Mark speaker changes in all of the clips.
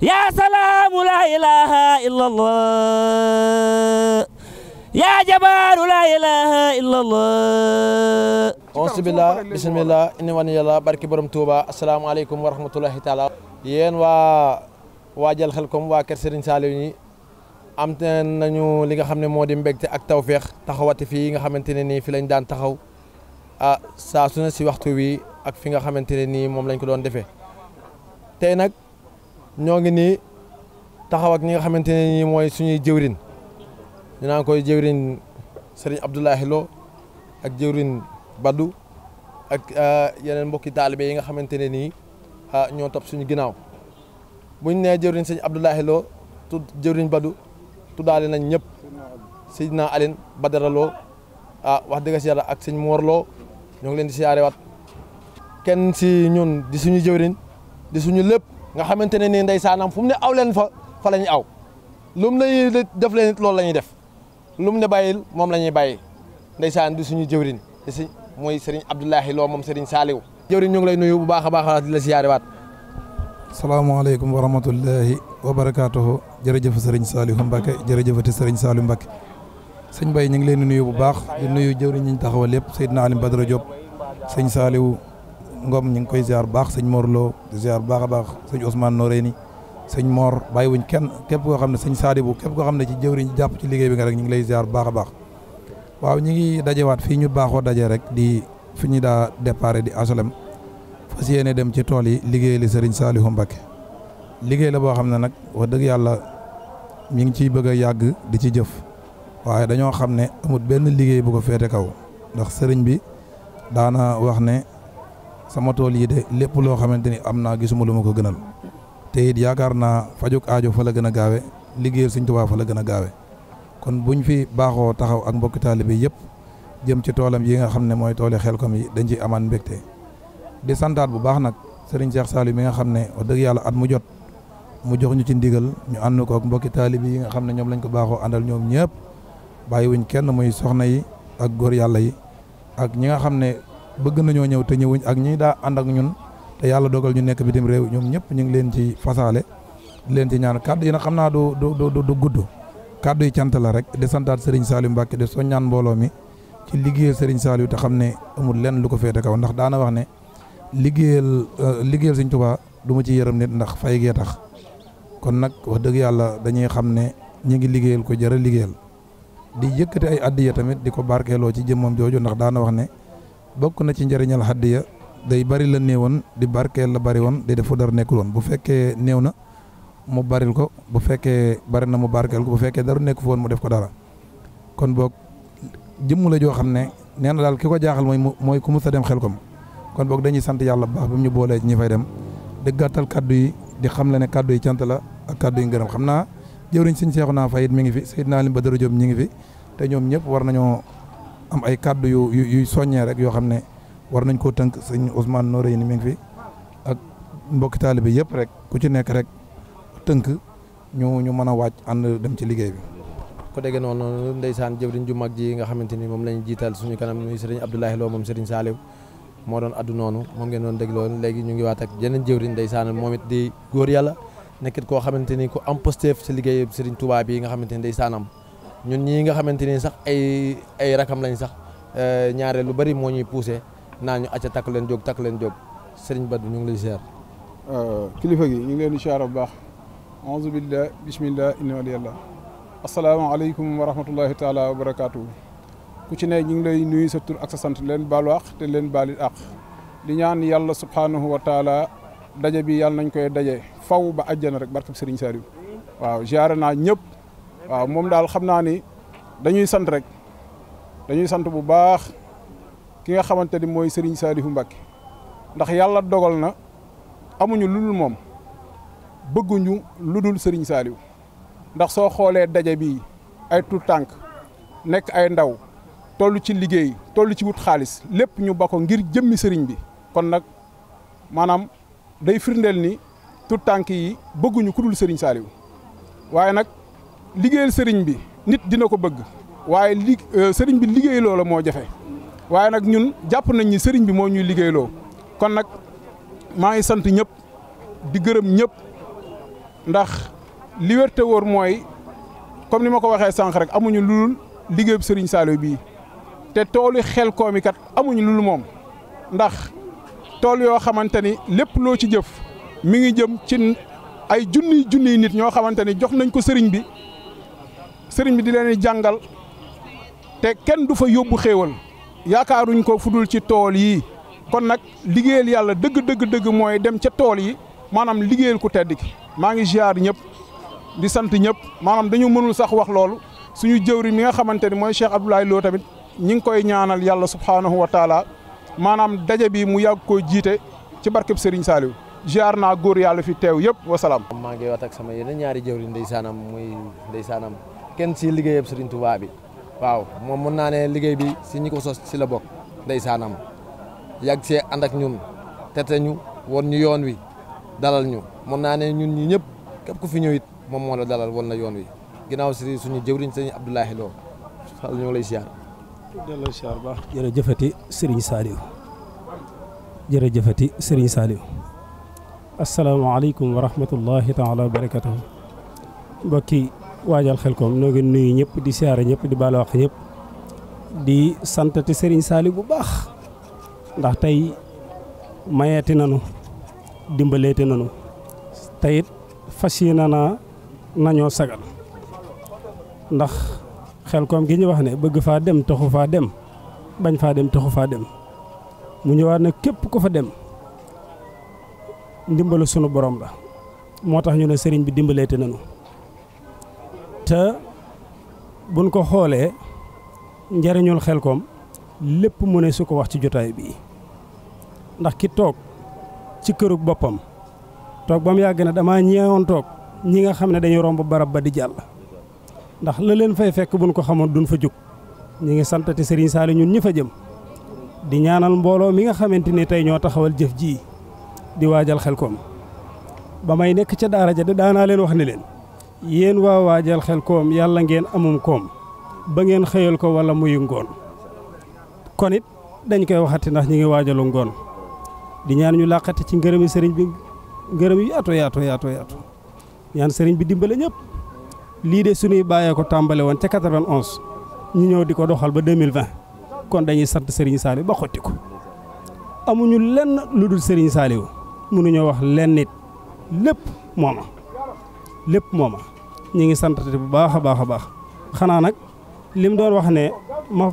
Speaker 1: يا سلام لا إله إلا الله
Speaker 2: يا جبار لا إله إلا الله auzu billah bismillah inni wan yàlla barki borom Touba asalaamaaleykum wa rahmatulahi taala yéen waa waajal xelkom waa kër Serigne Saliou ñi am nañu li nga xam ne moo di mbégte ak tawféex taxawati fii nga xamante ne nii fi lañ daan taxaw ah saa su ne si waxtu wi ak fi nga xamante ne nii moom lañ ko doon defee tey nag ñoo ngi nii taxaw ak ñi nga xamante ne nii mooy suñuy jëwrin ñu naan koy jëwrin Serigne Abdoulahi Lo ak jëwrin Badou ak uh, yeneen mbokki taalibe yi nga xamante ne nii uh, ñoo topp suñu ginnaaw buñ nee jëwrin sëñ Abdoulahi Lo tudd jëwrin Badou tuddaale nañ ñëpp Seydina Aline Badara Lo ah wax dëgg si ak sëñ Mor Lo ñoo ngi leen di siyaarewaat kenn si ñun di suñu jëwrin di suñu lépp. nga xamante ne nii ndeysaanam fu mu ne aw leen fa fa la ñu aw lu mu lay def leen it loolu la ñuy def lu mu ne bàyyil moom la ñuy bàyyi ndeysaan di suñu jëwrin di si mooy sëriñ Abdoulahi loo moom sëriñ Saaliw jëwrin ñu ngi lay nuyu bu baax a baax di la siyaare waat
Speaker 3: salaamaaleykum wa rahmatullahi wa barakaatuhu jërëjëf sëriñ Saalihu Mbacke jërëjëfati sëriñ Saalihu Mbacke sëñ Baye ñu ngi leen di nuyu bu baax di nuyu jëwriñ ñi ñu taxawal lépp Seydina Alim Badara Diop sëñ Saalihu Ngom ñu ngi koy ziar bu baax sëñ Mor Lo di ziar bu baax a baax sëñ Ousmane Noreyni sëñ Mor kenn képp koo xam ne sëñ Sadibou képp koo xam ne ci jëwriñ jàpp ci liggéey bi nga rek ñu ngi lay ziar bu baax a waaw ñu ngi dajewaat fii ñu baaxoo daje rek di fi ñu daa déparé di asolem fas yéene dem ci tool yi liggéey li sëriñ Saliou Mbacké la boo xam ne nag wax dëgg yàlla mi ngi ciy bëgg a yàgg di ci jëf waaye dañoo xam ne amul benn liggéey bu ko féete kaw ndax sëriñ bi daana wax ne sama tool yi de lépp loo xamante ni am naa gisuma lu ma ko gënal te it yaakaar naa fajuk aajo fa la gën a gaawe liggéeyal Sëñ Tuubaa fa la gën a gaawe kon bu ñu fi baaxoo taxaw ak mbokki taalibe yëpp jëm ci toolam yi nga xam ne mooy tooli ko yi dañ ciy amaan mbégte di santaat bu baax nag Serigne Cheikh Saliou mi nga xam ne wax dëgg yàlla at mu jot mu jox ñu ci ndigal ñu ànd ko ak mbokki taalibe yi nga xam ne ñoom lañ ko baaxoo àndal ñoom ñëpp bàyyiwuñ kenn muy soxna yi ak góor yàlla yi bëgg nañoo ñëw te ñëwuñ ak ñi daa ànd ak ñun te yàlla dogal ñu nekk bitim réew ñoom ñëpp ñu ngi leen ci fasaale di leen ci ñaan kàddu yi nag xam naa doo doo du du gudd kàddu yi cant la rek di santaat Serigne Saliou Mbacke soo ñaan mbooloo mi ci liggéeyal Serigne Saliou te xam ne amul lenn lu ko féete kaw ndax daana wax ne liggéeyal euh, liggéeyal Serigne Touba du ma ci yërëm nit ndax fay gee tax kon nag wax dëgg yàlla dañuy xam ne ñu ngi liggéeyal ko jëra liggéeyal di yëkkati ay addiya tamit di ko barkeeloo ci jëmmam jooju ndax daana wax ne bokk na ci njëriñal xaddiya day bari la néewoon di barkeel la bari woon di def fu dara nekkul woon bu fekkee néew na mu baril ko bu fekkee bari na mu barkeel ko bu fekkee dara nekku foon mu def ko dara kon boog jëmm la joo xam ne nee na daal ko jaaxal mooy mooy ku mus a dem xelkom kon boog dañuy sant yàlla bu baax bi mu ñu boolee ñi fay dem di gàttal kaddu yi di xam la ne kàddu yi cant la ak kaddu yi ngërëm xam naa jëwriñ sëñ Seexuna Fay it mi ngi fi naa Seydina ba Badara Diop mi ngi fi te ñoom ñëpp war nañoo am ay kàddu yu yuy soññee rek yoo xam ne war nañ koo tënk sëñ Ousmane Noreyni mi ngi fi ak mbokki taalibe bi yëpp rek ku ci nekk rek tënk ñu ñu mën a wàcc ànd dem ci liggéey bi.
Speaker 2: ko déggee noonu ndeysaan jëwriñ ju mag ji nga xamante ni moom lañu jiital suñu kanam muy sëriñ Abdoulaye Lo moom moo doon addu noonu moom ngeen doon léegi ñu ngi ak jeneen jëwriñ ndeysaan moom it di góor yàlla nekkit koo xamante ni ku am postef si liggéey sëriñ Touba bi nga xamante ni saanam ñun ñii nga xamante ni sax ay ay rakam lañ sax eh, ñaare lu bari moo ñuy poussé naa ñu acca takk leen jog takk leen jóg sëriñ Badou ñu ngi lay ziar.
Speaker 4: Euh, kilifa gi ñu ngi leen di bu baax. auzu billah bismillah inna waliyallah asalaamaaleykum wa rahmatullahi ku ci ne ñu ngi lay nuyu sa tur ak sa sant leen baalu àq te leen baalit àq di ñaan yàlla subhaanahu wa taala daje bi yàlla nañ koy daje faw ba àjjana rek barkab sëriñ Saliou waaw ziar naa ñëpp. waaw moom daal xam naa ni dañuy sant rek dañuy sant bu baax ki nga xamante ni mooy Serigne Saliou Mbacké ndax yàlla dogal na amuñu lu dul moom bëgguñu lu dul Serigne Saliou ndax soo xoolee daje bi ay tout tànk nekk ay ndaw toll ci liggéey toll ci wut xaalis lépp ñu ba ngir jëmmi sëriñ bi kon nag maanaam day firndeel ni tout tànk yi bëgguñu ku dul Serigne Saliou waaye nag liggéeyal sëriñ bi nit dina ko bëgg waaye li euh, sëriñ bi liggéey loola moo jafe waaye nag ñun jàpp nañ ni sëriñ bi moo ñuy liggéeyloo kon nag maa ngi sant ñëpp di gërëm ñëpp ndax liwerte wér mooy comme ni ma ko waxee sànq rek amuñu lulul liggéeyub sëriñ Saliou bii te toolu xel koomi kat amuñu lul moom ndax tool yoo xamante ni lépp loo ci jëf mi ngi jëm ci ay junniy junniy nit ñoo xamante ni jox nañ ko sëriñ bi sëriñ bi di leen jàngal te kenn du fa yóbbu xéewal yaakaaruñ ko fudul ci tool yi kon nag liggéeyal yàlla dëgg dëgg dëgg mooy dem ca tool yi maanaam liggéeyal ku tedd ki maa ngi ziar ñëpp di sant ñëpp maanaam dañu mënul sax wax loolu suñu jëwri mi nga xamante ni mooy Cheikh Abdoulaye Lo tamit ñi ngi koy ñaanal yàlla subhaanahu wa taala maanaam daje bi mu yàgg koo jiite ci barkeb Serigne Saliou ziar naa góor yàlla fi teew yëpp wasalaam. maa ngi waat ak sama yeneen ñaari jëwri ndeysaanam muy ndeysaanam kenn si liggéeyam Serigne Touba bi
Speaker 2: waaw moom mën naa ne liggéey bi si ñi ko sos si la bokk ndeysaanam yàgg see ànd ak ñun tete ñu won ñu yoon wi dalal ñu mën naa ne ñun ñi ñëpp képp ku fi ñëwit moom moo la dalal woon la yoon wi ginnaaw si suñu jëwriñ sëñ Abdoulahi Lo sal ñu ngi lay siyaar
Speaker 1: delloo wa rahmatullahi taala wa barakatuhu mbokki waajal xel koom noo ngi nuyu ñëpp di siyaare ñëpp di baale wax ñëpp di santati sëriñ saali bu baax ndax tey mayeeti nanu dimbaleeti nanu teyit fas yéene na nañoo sagan ndax xel koom gi ñu wax ne bëgg faa dem taxu faa dem bañ faa dem taxu faa dem mu ñëwaat na képp ku fa dem ndimbalu sunu borom la moo tax ñu ne sëriñ bi dimbaleete nanu te buñ ko xoolee njariñul koom lépp mu ne su ko wax ci jotaay bii ndax ki toog ci kërug boppam toog ba mu yàgg ne damaa ñeewoon toog ñi nga xam ne dañuy romb barab ba di jàll ndax la leen fay fekk buñ ko xamoon duñ fa jóg ñu ngi santati Serigne Saliou ñun ñi fa jëm di ñaanal mbooloo mi nga xamante ni tey ñoo taxawal jëf jii di waajal Xelkom ba may nekk ca daara ja de daanaa leen wax ne leen yéen waa waajal xel koom yàlla ngeen amum koom ba ngeen xëyal ko wala muy ngoon kon it dañ koy waxati ndax ñi ngi waajalu ngoon di ñaan ñu làqati ci ngërëmi sëriñ bi ngërëm yu yaatu yaatu yaatu ñaan sëriñ bi dimbale ñëpp lii de suñuy bàyyee ko tàmbale woon ca 91 ñu ñëw di ko doxal ba 2020 kon dañuy sant sëriñ Saliou ba xotti ko amuñu lenn lu dul sëriñ Saliou mënuñoo wax lenn lépp mooma lépp mooma ñi ngi santati bu baax a baax a baax xanaa nag lim doon wax ne ma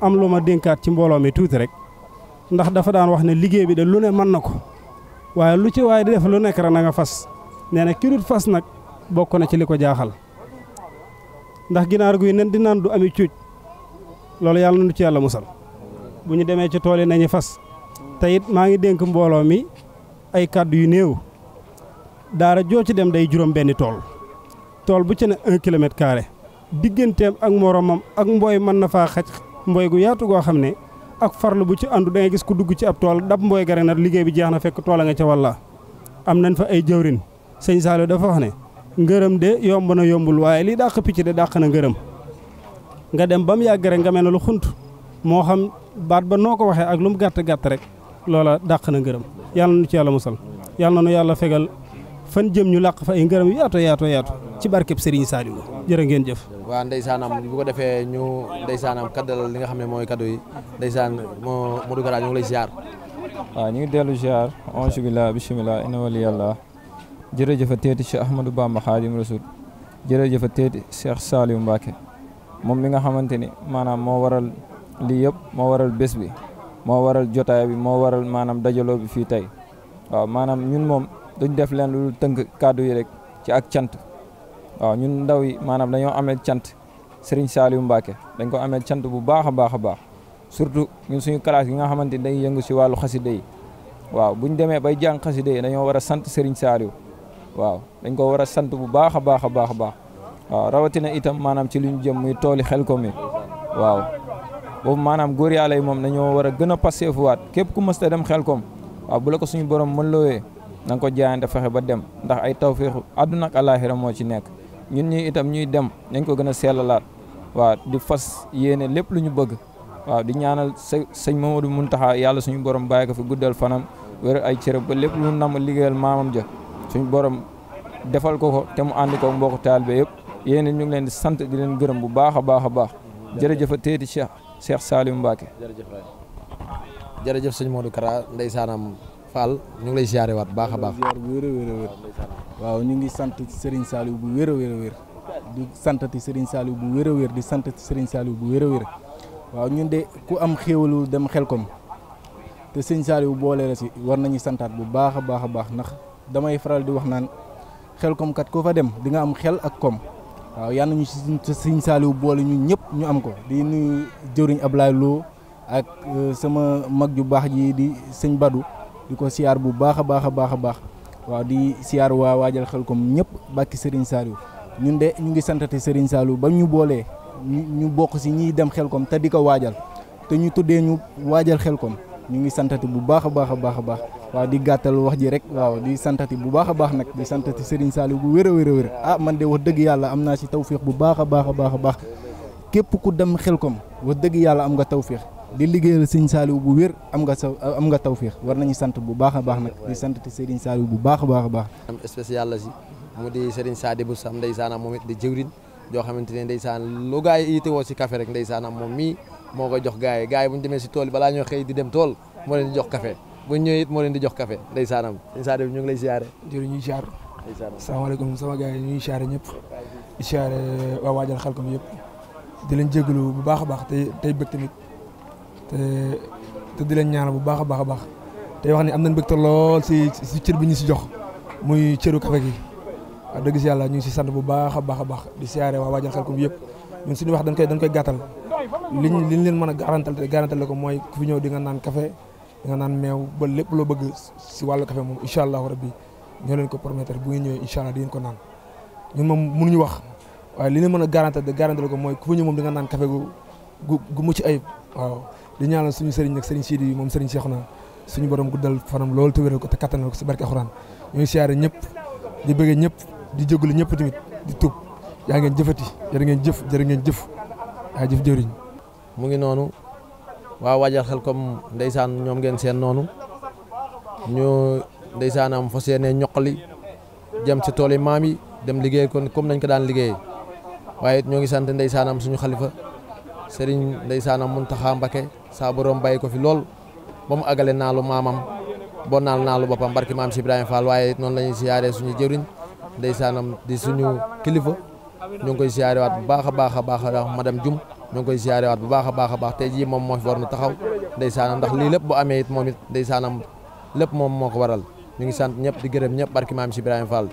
Speaker 1: am lu ma dénkaat ci mbooloo mi tuuti rek ndax dafa daan wax ne liggéey bi de lu ne mën na ko waaye lu ci waaye di def lu nekk rek na fas nee na ki fas nag bokk na ci li ko jaaxal ndax ginaar guy nen di naan du ami cuuj loolu yàlla nu ci yàlla musal bu ñu demee ci tool yi nañu fas te it maa ngi dénk mbooloo mi ay kàddu yu néew daara joo ci dem day juróom benni tool tool bu ca ne un kilomètre carré digganteem ak moromam ak mbooy mën na faa xaj mbooy gu yaatu goo xam ne ak farlu bu ci àndu da gis ku dugg ci ab tool dab mbooy gare na liggéey bi jeex na fekk tool a nga ca walla am nañ fa ay jëwrin sëñ Saliou dafa wax ne ngërëm de yomb na yombul waaye lii dàq picc de dàq na ngërëm nga dem ba mu yàgg rek na mel lu xunt moo xam baat ba noo ko waxee ak lu mu gàtt gàtt rek loola dàq na ngërëm yàlla fan jëm ñu làq fa ay ngërëm yaato yaato yaatu ci barkeb Serigne Saliou jërë ngeen jëf
Speaker 2: waaw ndeysaanam bu ko defee ñu ndeysaanam kaddal li nga xam ne mooy kaddu yi ndeysaan moo Modou Kara ñu ngi lay ziar
Speaker 5: waaw ñu ngi dellu ziar ange billah bismillah inna wali yàlla jërëjëfa teeti Cheikh Ahmadou Bamba Khadim Rasoul jërëjëfa teeti Cheikh Saliou Mbacké moom mi nga xamante ni maanaam moo waral lii yëpp moo waral bés bi moo waral jotaay bi moo waral maanaam dajaloo bi fii tey waaw maanaam ñun moom duñ def leen lu tënk kàddu yi rek ci ak cant waaw ñun ndaw yi maanaam dañoo amee cant Serigne Saliou mbaake dañ ko amee cant bu baax a baax a baax surtout ñun suñu classe yi nga xamante ni dañuy yëngu si wàllu xaside yi waaw buñ demee bay jàng xaside yi dañoo war a sant Serigne Saliou waaw dañ ko war a sant bu baax a baax a baax a baax waaw rawatina itam maanaam ci li jëm muy tooli xel ko mi waaw boobu maanaam góor yàlla yi moom dañoo war a gën a passé fuwaat képp ku mës dem xel kom waaw bu la ko suñu borom mën na nga ko jaayante fexe ba dem ndax ay tawféexu àdduna ak alaaxira moo ci nekk ñun ñi itam ñuy dem nañ ko gën a seelalaat waaw di fas yéene lépp lu ñu bëgg waaw di ñaanal sëñ mun Muntaxa yàlla suñu borom bàyyi ko fi guddal fanam wér ay cërëb ba lépp lu mu nam liggéeyal maamam suñu borom defal ko ko te mu ànd ko mbokku taalibe yëpp yéen ñu ngi leen di sant di leen gërëm bu baax a baax a baax jërëjëf teeti Cheikh Cheikh Salim Mbacke jërëjëf sëñ Modou Kara
Speaker 2: ndeysaanam Fall ñu ngi lay ziare waat baax a baax.
Speaker 6: waaw ñu ngi sant sëriñ Saliou bu wér a wér a wér di santati Serigne Saliou bu wér a wér di sant sëriñ Saliou bu wér a wér waaw ñu de ku am xéewalu dem xel kom te sëñ Saliou boole la si war nañu santaat bu baax a baax a baax ndax damay faral di wax naan xel kom kat koo fa dem di nga am xel ak koom waaw yal nañu si Serigne Saliou boole ñu ñëpp ñu am ko di nuyu jëriñ Ablaye Lo ak euh, sama mag ju baax ji di sëñ Badou. di ko siyaar bu baax a baax a baax a baax waaw di siyaar waa waajal xel Xelcom ñëpp bàkki Serigne Saliou ñun de ñu ngi santati Serigne Saliou ba ñu boolee ñu bokk si ñuy dem xel Xelcom te di ko waajal te ñu tuddee ñu waajal xel Xelcom ñu ngi santati bu baax a baax a baax a baax waaw di gàttal wax ji rek waaw di santati bu baax a baax nag di santati Serigne Saliou bu wér a wér a wér ah man de wax dëgg yàlla am naa si tawféex bu baax a baax a baax a baax képp ku dem Xelcom wax dëgg yàlla am nga tawféex di liggéeyal sëñ Saliou bu wér am nga sa am nga tawféex war nañu sant bu baax a baax nag di sant Serigne Saliou bu baax a baax a baax.
Speaker 2: am spécial la si mu di Serigne Sadibou Sam ndeysaanam moom it di jëwriñ joo xamante ne ndeysaan lu gaa yi itewoo si café rek ndeysaanam moom mii moo koy jox gaa yi gaa yi bu ñu demee si tool yi balaa ñoo xëy di dem tool moo leen di jox café bu ñu ñëwee it moo leen di jox café ndeysaanam ñu ngi lay siyaare. jërëjëf ñuy sama gaa yi ñuy siyaare ñëpp di siyaare waa waajal xelkom yëpp di la jégalu bu baax a baax tey tey bëgg tamit te te di leen ñaanal bu baax a baax a baax tey wax ni am nañ mbégte lool si si cër bi ñu si jox muy cëru café gi wax dëgg si yàlla ñu ngi si sant bu baax a baax a baax di siyaare waa waajal xelkom yëpp ñun suñu wax dañ koy dañ koy gàttal liñ liñ leen mën a garantal te garantal ko mooy ku ñëw di naan café di nga meew ba lépp loo bëgg si wàllu café moom incha allahu rabbi ñoo leen ko promettre bu ngeen ñëwee incha allah di ko naan ñun moom mënuñu wax waaye li leen mën a garantal te garantal ko mooy ku fi moom di nga naan café gu gu gu mucc ayib waaw di ñaanal suñu sëriñ nag sëriñ Sidi moom sëriñ na suñu borom guddal fanam loolu te wéral ko te kattanal ko si barke Alxuraan ñooy siyaare ñëpp di bëggee ñëpp di jégalu ñëpp tamit di tuub yaa ngeen jëfati jërë ngeen jëf jërë jëf yaa jëriñ mu ngi noonu waaw waajal xel comme ndeysaan ñoom ngeen seen noonu ñu ndeysaan am fas yéene ñoqali jëm si tool yi maam yi dem liggéey kon comme nañ ko daan liggéeyee waaye ñoo ngi sant ndeysaan am suñu xalifa sëriñ ndeysaanam Muntaxa Mbake saa borom bàyyi ko fi lool ba mu agale naalu maamam boo naal naalu boppam barki maam si Ibrahima Fall waaye noonu la ñuy siyaaree suñu jëwriñ saanam di suñu kilifa ñu ngi koy siyaare waat bu baax a baax a baax madame Dioum ñu ngi koy siyaare waat bu baax a baax a baax tey jii moom moo fi war nu taxaw ndeysaanam ndax lii lépp bu amee it moom it ndeysaanam
Speaker 5: lépp moom moo ko waral ñu ngi sant ñëpp di gërëm ñëpp barki maam si Ibrahima Fall